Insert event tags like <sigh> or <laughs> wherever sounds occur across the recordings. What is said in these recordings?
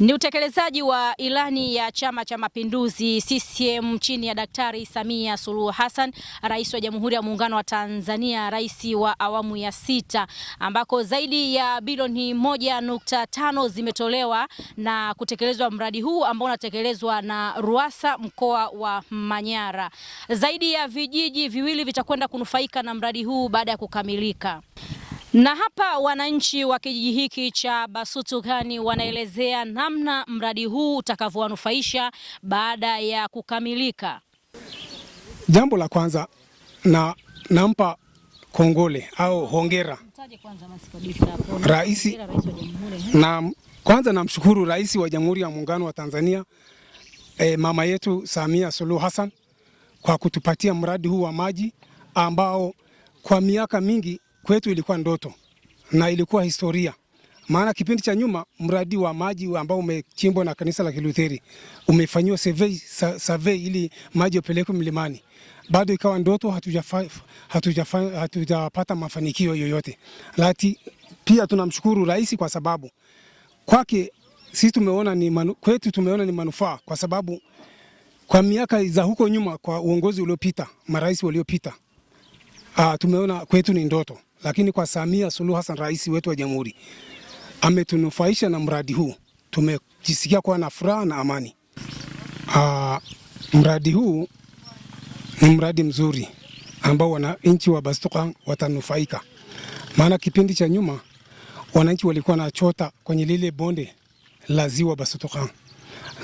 Ni utekelezaji wa ilani ya Chama cha Mapinduzi CCM chini ya Daktari Samia Suluhu Hassan, Rais wa Jamhuri ya Muungano wa Tanzania, rais wa awamu ya sita, ambako zaidi ya bilioni moja nukta tano zimetolewa na kutekelezwa mradi huu ambao unatekelezwa na RUWASA mkoa wa Manyara. Zaidi ya vijiji viwili vitakwenda kunufaika na mradi huu baada ya kukamilika. Na hapa wananchi wa kijiji hiki cha Basutukani wanaelezea namna mradi huu utakavyowanufaisha baada ya kukamilika. Jambo la kwanza na nampa kongole au hongera rais, eh. na kwanza namshukuru Rais wa Jamhuri ya Muungano wa Tanzania e, mama yetu Samia Suluhu Hassan kwa kutupatia mradi huu wa maji ambao kwa miaka mingi kwetu ilikuwa ndoto na ilikuwa historia, maana kipindi cha nyuma mradi wa maji ambao umechimbwa na kanisa la Kilutheri umefanyiwa survey, survey ili maji yapelekwe mlimani. Bado ikawa ndoto, hatujapata hatuja, hatuja mafanikio yoyote. Lati pia tunamshukuru rais kwa sababu kwake sisi tumeona ni manu, kwetu tumeona ni manufaa kwa sababu kwa miaka za huko nyuma, kwa uongozi uliopita, marais waliopita, ah, tumeona kwetu ni ndoto lakini kwa Samia Suluhu Hassan, rais wetu wa jamhuri, ametunufaisha na mradi huu. Tumejisikia kuwa na furaha na amani. Aa, ah, mradi huu ni mradi mzuri ambao wananchi wa Bastokhan watanufaika, maana kipindi cha nyuma wananchi walikuwa nachota kwenye lile bonde la ziwa Bastokhan,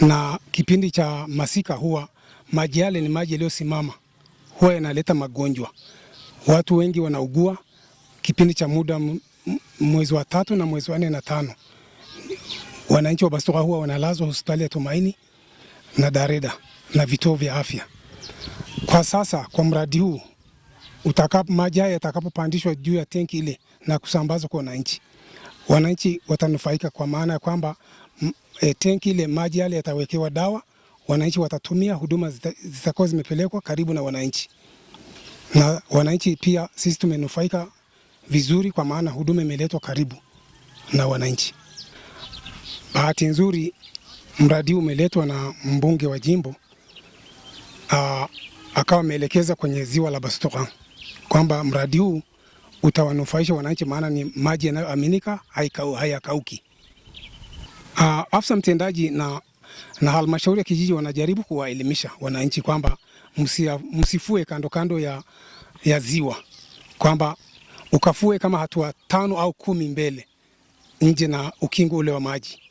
na kipindi cha masika huwa maji yale ni maji yaliyosimama, huwa yanaleta magonjwa, watu wengi wanaugua kipindi cha muda mwezi wa tatu na mwezi wa nne na tano, wananchi wa Bastoka huwa wanalazwa hospitali ya Tumaini na Dareda na vituo vya afya. Kwa sasa kwa mradi huu utakapo maji haya yatakapopandishwa juu ya tenki ile na kusambazwa kwa wananchi, wananchi watanufaika kwa maana ya kwamba e, tenki ile maji yale yatawekewa dawa, wananchi watatumia, huduma zitakuwa zimepelekwa karibu na wananchi, na wananchi pia sisi tumenufaika vizuri, kwa maana huduma imeletwa karibu na wananchi. Bahati nzuri mradi huu umeletwa na mbunge wa jimbo aa, akawa ameelekeza kwenye ziwa la Bastora kwamba mradi huu utawanufaisha wananchi, maana ni maji yanayoaminika hayakauki. Afisa mtendaji na, na halmashauri ya kijiji wanajaribu kuwaelimisha wananchi kwamba msifue kando kando ya, ya ziwa kwamba ukafue kama hatua tano au kumi mbele nje na ukingo ule wa maji.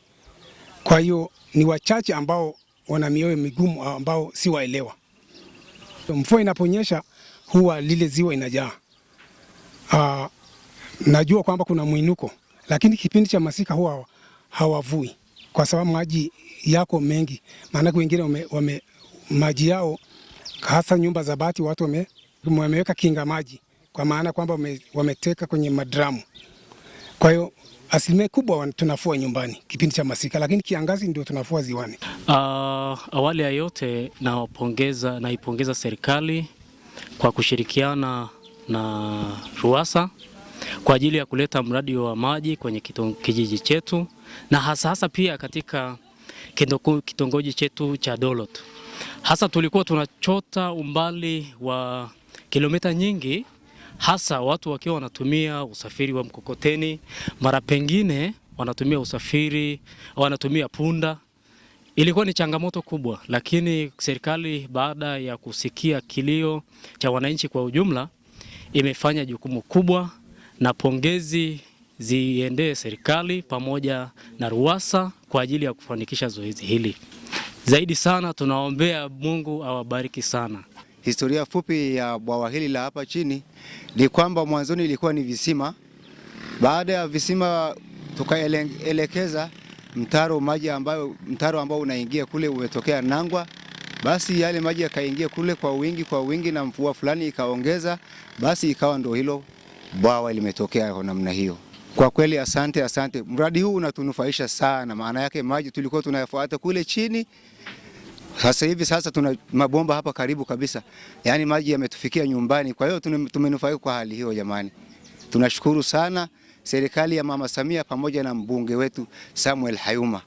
Kwa hiyo ni wachache ambao wana mioyo migumu ambao si waelewa. Mvua inaponyesha huwa lile ziwa inajaa. Aa, ah, najua kwamba kuna mwinuko, lakini kipindi cha masika huwa hawavui kwa sababu maji yako mengi, maanake wengine wame, wame maji yao hasa nyumba za bati watu wameweka kinga maji kwa maana kwamba wameteka kwenye madramu. Kwa hiyo asilimia kubwa tunafua nyumbani kipindi cha masika, lakini kiangazi ndio tunafua ziwani. Uh, awali ya yote nawapongeza, naipongeza serikali kwa kushirikiana na RUWASA kwa ajili ya kuleta mradi wa maji kwenye kijiji chetu na hasa hasa pia katika kitongoji chetu cha Dolot. Hasa tulikuwa tunachota umbali wa kilomita nyingi hasa watu wakiwa wanatumia usafiri wa mkokoteni, mara pengine wanatumia usafiri, wanatumia punda. Ilikuwa ni changamoto kubwa, lakini serikali baada ya kusikia kilio cha wananchi kwa ujumla imefanya jukumu kubwa, na pongezi ziendee serikali pamoja na RUWASA kwa ajili ya kufanikisha zoezi hili. Zaidi sana tunaombea Mungu awabariki sana. Historia fupi ya bwawa hili la hapa chini ni kwamba mwanzoni ilikuwa ni visima. Baada ya visima, tukaelekeza mtaro maji ambayo, mtaro ambao unaingia kule umetokea Nangwa. Basi yale maji yakaingia kule kwa wingi kwa wingi, na mvua fulani ikaongeza, basi ikawa ndio hilo bwawa limetokea kwa namna hiyo. Kwa kweli asante, asante. Mradi huu unatunufaisha sana, maana yake maji tulikuwa tunayafuata kule chini sasa hivi sasa tuna mabomba hapa karibu kabisa, yaani maji yametufikia nyumbani. Kwa hiyo tumenufaika kwa hali hiyo. Jamani, tunashukuru sana serikali ya Mama Samia pamoja na mbunge wetu Samuel Hayuma.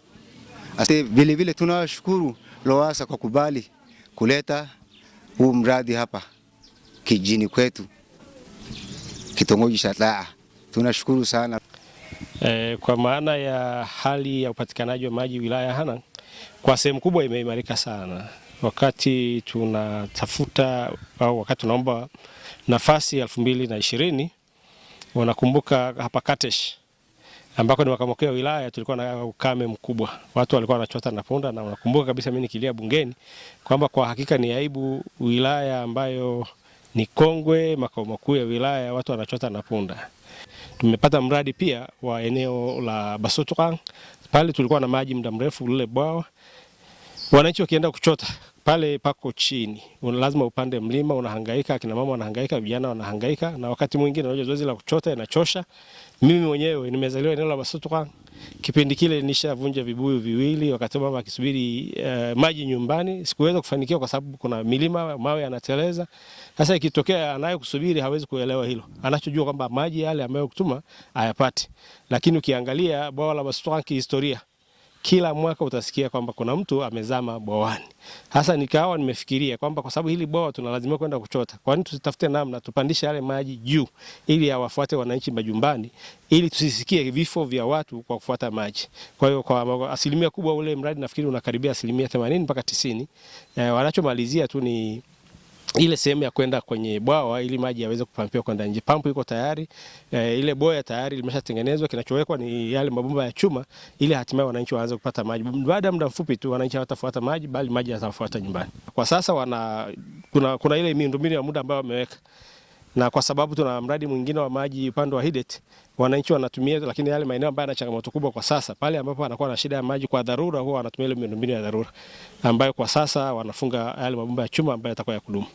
vile, tunawashukuru Lowassa kwa kubali kuleta huu mradi hapa kijini kwetu kitongoji cha Taa. Tunashukuru sana e, kwa maana ya hali ya upatikanaji wa maji wilaya Hanang kwa sehemu kubwa imeimarika sana. Wakati tunatafuta au wakati tunaomba nafasi elfu mbili na ishirini wanakumbuka hapa Katesh ambako ni makao makuu ya wilaya, tulikuwa na ukame mkubwa, watu walikuwa wanachota na punda, na unakumbuka kabisa mimi nikilia bungeni kwamba kwa hakika ni aibu wilaya ambayo ni kongwe, makao makuu ya wilaya, watu wanachota na punda. Tumepata mradi pia wa eneo la Basutukang, pale tulikuwa na maji muda mrefu, lile bwawa Wananchi wakienda kuchota pale pako chini, lazima upande mlima, unahangaika, akina mama wanahangaika, vijana wanahangaika, na wakati mwingine unajua zoezi la kuchota inachosha. Mimi mwenyewe nimezaliwa eneo la Basotwa, kipindi kile nishavunja vibuyu viwili, wakati mama akisubiri uh, maji nyumbani. Sikuweza kufanikiwa kwa sababu kuna milima, mawe yanateleza. Sasa ikitokea anaye kusubiri hawezi kuelewa hilo, anachojua kwamba maji yale ambayo kutuma ayapati. lakini ukiangalia bwawa la Basotwa kihistoria kila mwaka utasikia kwamba kuna mtu amezama bwawani. Hasa nikawa nimefikiria kwamba kwa sababu hili bwawa tunalazimia kwenda kuchota, nini tusitafute namna tupandishe yale maji juu ili yawafuate wananchi majumbani, ili tusisikie vifo vya watu kwa kufuata maji. Kwa hiyo kwa asilimia kubwa ule mradi nafikiri unakaribia asilimia 80 mpaka 90, E, eh, wanachomalizia tu ni ile sehemu ya kwenda kwenye bwawa ili maji yaweze kupampiwa kwenda nje. Pampu iko tayari, e, ile boya tayari limeshatengenezwa. Kinachowekwa ni yale mabomba ya chuma, ili hatimaye wananchi waanze kupata maji. Baada ya muda mfupi tu wananchi hawatafuata maji, bali maji yatafuata nyumbani. Kwa sasa wana, kuna, kuna ile miundombinu ya muda ambayo wameweka na kwa sababu tuna mradi mwingine wa maji upande wa Hidet wananchi wanatumia, lakini yale maeneo ambayo yana changamoto kubwa kwa sasa, pale ambapo anakuwa na shida ya maji kwa dharura, huwa wanatumia ile miundombinu ya dharura ambayo kwa sasa wanafunga yale mabomba ya chuma ambayo yatakuwa ya kudumu.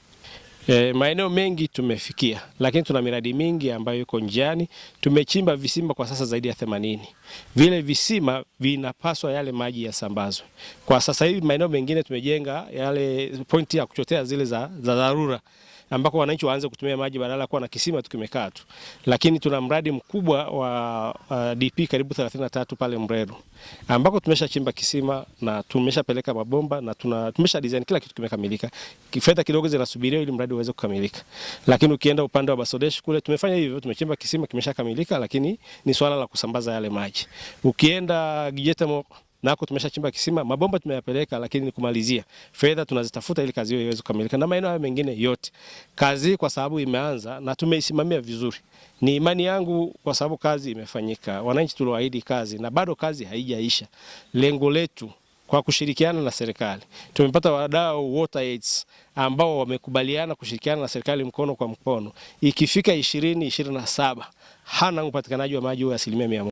E, maeneo mengi tumefikia, lakini tuna miradi mingi ambayo iko njiani. Tumechimba visima kwa sasa zaidi ya themanini. Vile visima vinapaswa yale maji yasambazwe. Kwa sasa hivi maeneo mengine tumejenga yale pointi ya kuchotea zile za dharura za ambako wananchi waanze kutumia maji badala kuwa na kisima tu kimekaa tu. Lakini tuna mradi mkubwa wa uh, DP karibu 33 pale Mreru ambako tumeshachimba kisima na tumeshapeleka mabomba na tuna tumesha design kila kitu kimekamilika. Fedha kidogo zinasubiriwa ili mradi uweze kukamilika. Lakini ukienda upande wa Basodesh kule tumefanya hivyo, tumechimba kisima kimeshakamilika, lakini ni swala la kusambaza yale maji. Ukienda Gijeta nako tumeshachimba kisima, mabomba tumeyapeleka, lakini ni kumalizia fedha tunazitafuta ili kazi hiyo iweze kukamilika, na maeneo hayo mengine yote. Kazi kwa sababu imeanza na tumeisimamia vizuri, ni imani yangu, kwa sababu kazi imefanyika. Wananchi tulioahidi kazi, na bado kazi haijaisha. Lengo letu kwa kushirikiana na serikali tumepata wadau Water Aids ambao wamekubaliana kushirikiana na serikali mkono kwa mkono, ikifika 2027 hana upatikanaji wa maji wa asilimia mia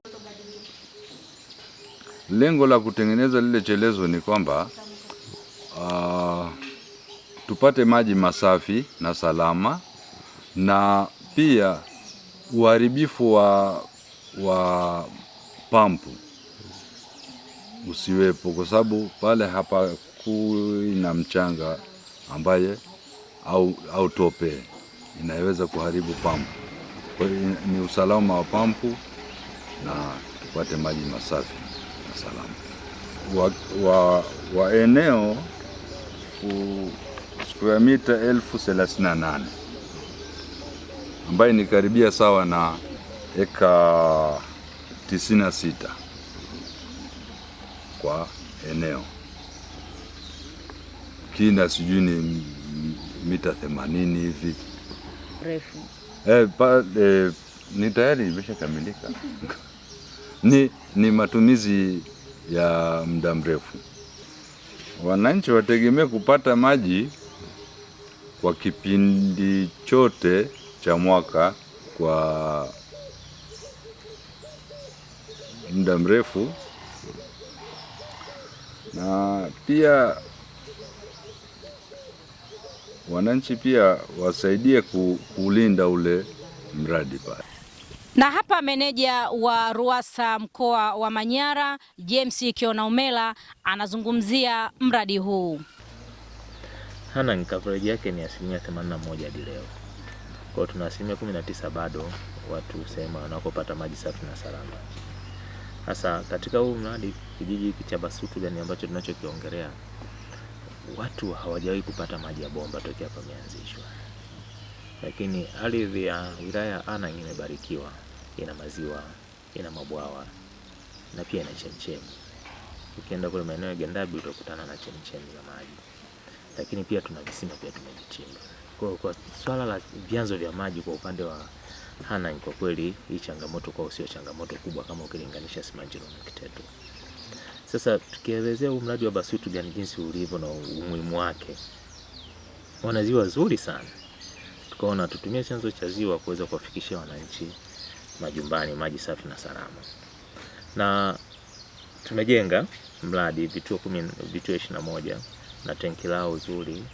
Lengo la kutengeneza lile chelezo ni kwamba uh, tupate maji masafi na salama, na pia uharibifu wa, wa pampu usiwepo, kwa sababu pale hapakui na mchanga ambaye au, au tope inaweza kuharibu pampu. Kwa hiyo ni usalama wa pampu na tupate maji masafi. Salaam wa, wa, wa eneo square mita elfu thelathini na nane ambaye ni karibia sawa na eka 96 kwa eneo kina sijui ni mita 80 hivi refu. Eh, pa, eh, ni tayari imeshakamilika. <laughs> ni, ni matumizi ya muda mrefu. Wananchi wategemee kupata maji kwa kipindi chote cha mwaka kwa muda mrefu, na pia wananchi pia wasaidie kuulinda ule mradi pale. Na hapa meneja wa RUWASA mkoa wa Manyara James Kionaumela anazungumzia mradi huu. Hana coverage yake ni asilimia 81 hadi leo, kwa hiyo tuna asilimia 19 bado watu sema wanakopata maji safi na salama. Sasa katika huu mradi kijiji hiki cha Basutu gani ambacho tunachokiongelea, watu hawajawahi kupata maji ya bomba tokea pameanzishwa, lakini ardhi ya wilaya Hanang' imebarikiwa ina maziwa, ina mabwawa na pia ina chemchemi. Ukienda kule maeneo ya Gendabi utakutana na chemchemi za maji, lakini pia tuna visima pia tumejichimba. Kwa hiyo kwa swala la vyanzo vya maji kwa upande wa Hanang', kwa kweli hii changamoto kwao sio changamoto kubwa kama ukilinganisha Simanjiro na Kiteto. Sasa tukielezea huu mradi wa BASUTU gani jinsi ulivyo na umuhimu wake, wanaziwa zuri sana, tukaona tutumie chanzo cha ziwa kuweza kuwafikishia wananchi majumbani maji safi na salama, na tumejenga mradi vituo kumi, vituo ishirini na moja na tenki lao zuri,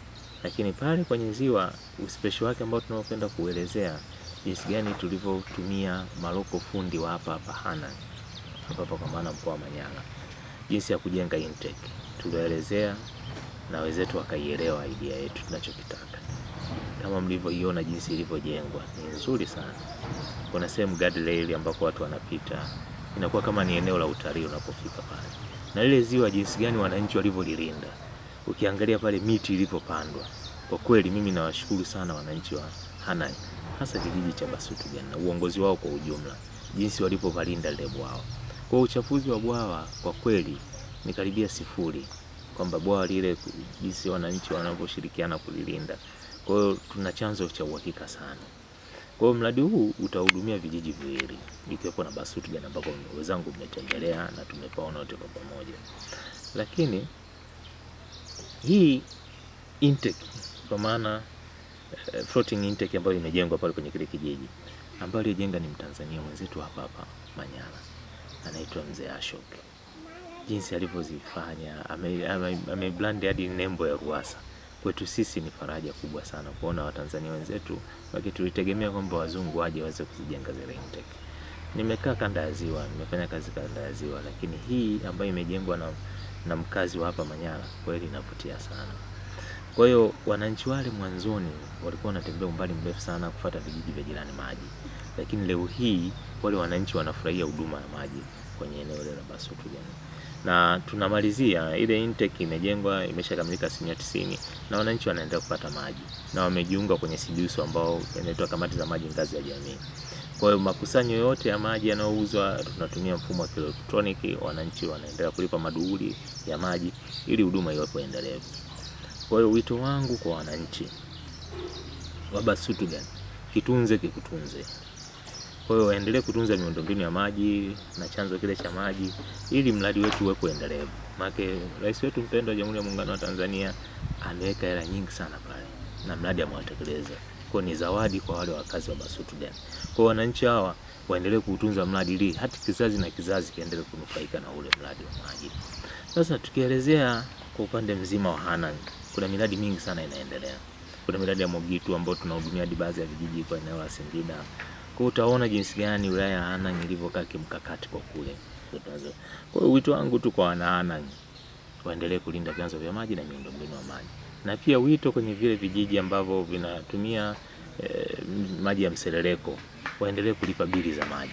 lakini pale kwenye ziwa uspeshi wake ambao tunaopenda kuelezea jinsi gani tulivyotumia maroko fundi wa hapa hapa Hanang hapa kwa maana mkoa wa Manyara, jinsi ya kujenga intake tulielezea na wenzetu wakaielewa idea yetu tunachokitaka kama mlivyoiona jinsi ilivyojengwa ni nzuri sana. Kuna sehemu guardrail ambako watu wanapita, inakuwa kama ni eneo la utalii unapofika pale, na lile ziwa jinsi gani wananchi walivyolilinda, ukiangalia pale miti ilivyopandwa. Kwa kweli mimi nawashukuru sana wananchi wa Hanang', hasa kijiji cha Basutu na uongozi wao kwa ujumla, jinsi walivyovalinda lile bwawa. Kwa uchafuzi wa bwawa kwa kweli ni karibia sifuri, kwamba bwawa lile jinsi wananchi wanavyoshirikiana kulilinda. Kwa hiyo tuna chanzo cha uhakika sana. Kwa hiyo mradi huu utahudumia vijiji viwili, ikiwepo na Basutogan ambako wenzangu mmetembelea na tumepaona wote kwa pamoja. Lakini hii intake kwa maana eh, floating intake ambayo imejengwa pale kwenye kile kijiji ambayo alijenga ni Mtanzania mwenzetu hapa hapa Manyara, anaitwa Mzee Ashok. Jinsi alivyozifanya ame, ame, ame hadi nembo ya Ruasa kwetu sisi ni faraja kubwa sana kuona Watanzania wenzetu, lakini kwamba wazungu waje waweze kuzijenga zile Nimekaa kanda ya Ziwa, nimefanya kazi kanda ya Ziwa, lakini hii ambayo imejengwa na, na mkazi wa hapa Manyara kweli inavutia sana. Kwa hiyo wananchi wale mwanzoni walikuwa wanatembea umbali mrefu sana kufata vijiji vya jirani maji, lakini leo hii wale wananchi wanafurahia huduma ya maji kwenye eneo lile la Basutu na tunamalizia ile intake imejengwa imeshakamilika asilimia tisini na wananchi wanaendelea kupata maji na wamejiunga kwenye SIDUSU ambao inaitwa kamati za maji ngazi ya jamii. Kwa hiyo makusanyo yote ya maji yanayouzwa tunatumia mfumo wa kielektroniki, wananchi wanaendelea kulipa maduhuli ya maji ili huduma iwepo endelevu. Kwa hiyo wito wangu kwa wananchi, Baba Sutgan, kitunze kikutunze. Kwa hiyo waendelee kutunza miundombinu ya maji na chanzo kile cha maji ili mradi wetu uwe endelevu. Maana rais wetu mpendwa wa Jamhuri ya Muungano wa Tanzania ameweka hela nyingi sana pale na mradi ameutekeleza. Kwa ni zawadi kwa wale wakazi wa Basutu Dam. Kwa wananchi hawa waendelee kuutunza mradi ili hata kizazi na kizazi kiendelee kunufaika na ule mradi wa maji. Sasa tukielezea kwa upande mzima wa Hanang', kuna miradi mingi sana inaendelea. Kuna miradi ya Mogitu ambayo tunahudumia baadhi ya vijiji kwa eneo la Singida. Kwa utaona jinsi gani wilaya ya Hanang' ilivyokaa kimkakati kwa kule. Kwa hiyo wito wangu tu kwa wana Hanang' waendelee kulinda vyanzo vya maji na miundombinu ya maji, na pia wito kwenye vile vijiji ambavyo vinatumia eh, maji ya mseleleko waendelee kulipa bili za maji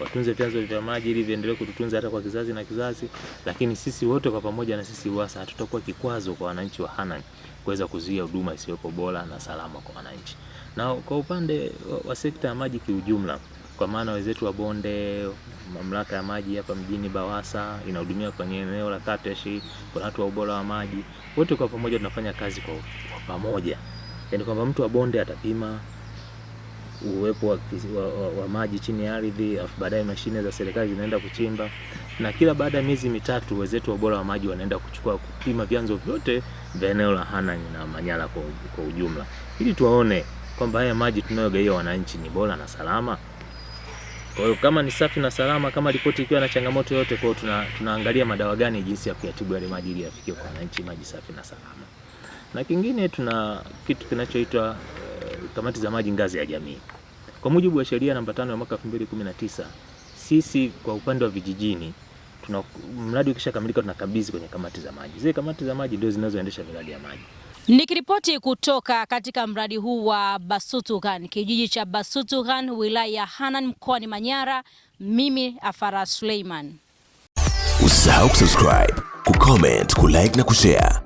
watunze vyanzo vya maji ili viendelee kututunza hata kwa kizazi na kizazi, lakini sisi wote kwa pamoja na sisi Ruwasa hatutakuwa kikwazo kwa wananchi wa Hanang kuweza kuzuia huduma isiyoko bora na salama kwa wananchi. Na kwa upande wa sekta ya maji kiujumla, kwa maana wenzetu wa bonde, mamlaka ya maji hapa mjini Bawasa inahudumia kwenye eneo la Kateshi, kuna watu wa ubora wa maji, wote kwa pamoja tunafanya kazi kwa, kwa pamoja, yaani kwamba mtu wa bonde atapima uwepo wa, wa, wa, wa maji chini ya ardhi, afu baadaye mashine za serikali zinaenda kuchimba, na kila baada ya miezi mitatu wenzetu wa ubora wa maji wanaenda kuchukua kupima vyanzo vyote vya eneo la Hanang na Manyara kwa, kwa ujumla, ili tuwaone kwamba haya maji tunayogaia wananchi ni bora na salama. Kwa hiyo kama ni safi na salama, kama ripoti ikiwa na changamoto yote, kwao tuna, tunaangalia madawa gani, jinsi ya kuyatibu yale maji ili yafikie kwa wananchi maji safi na salama. Na kingine tuna kitu kinachoitwa kamati za maji ngazi ya jamii. Kwa mujibu wa sheria namba tano ya mwaka 2019, sisi kwa upande wa vijijini tuna mradi ukishakamilika tunakabidhi kwenye kamati za maji. Zile kamati za maji ndio zinazoendesha miradi ya maji. Nikiripoti kutoka katika mradi huu wa Basutughan, kijiji cha Basutughan, wilaya ya Hanang, mkoani Manyara, mimi Afara Suleiman. Usisahau kusubscribe, kucomment, kulike na kushare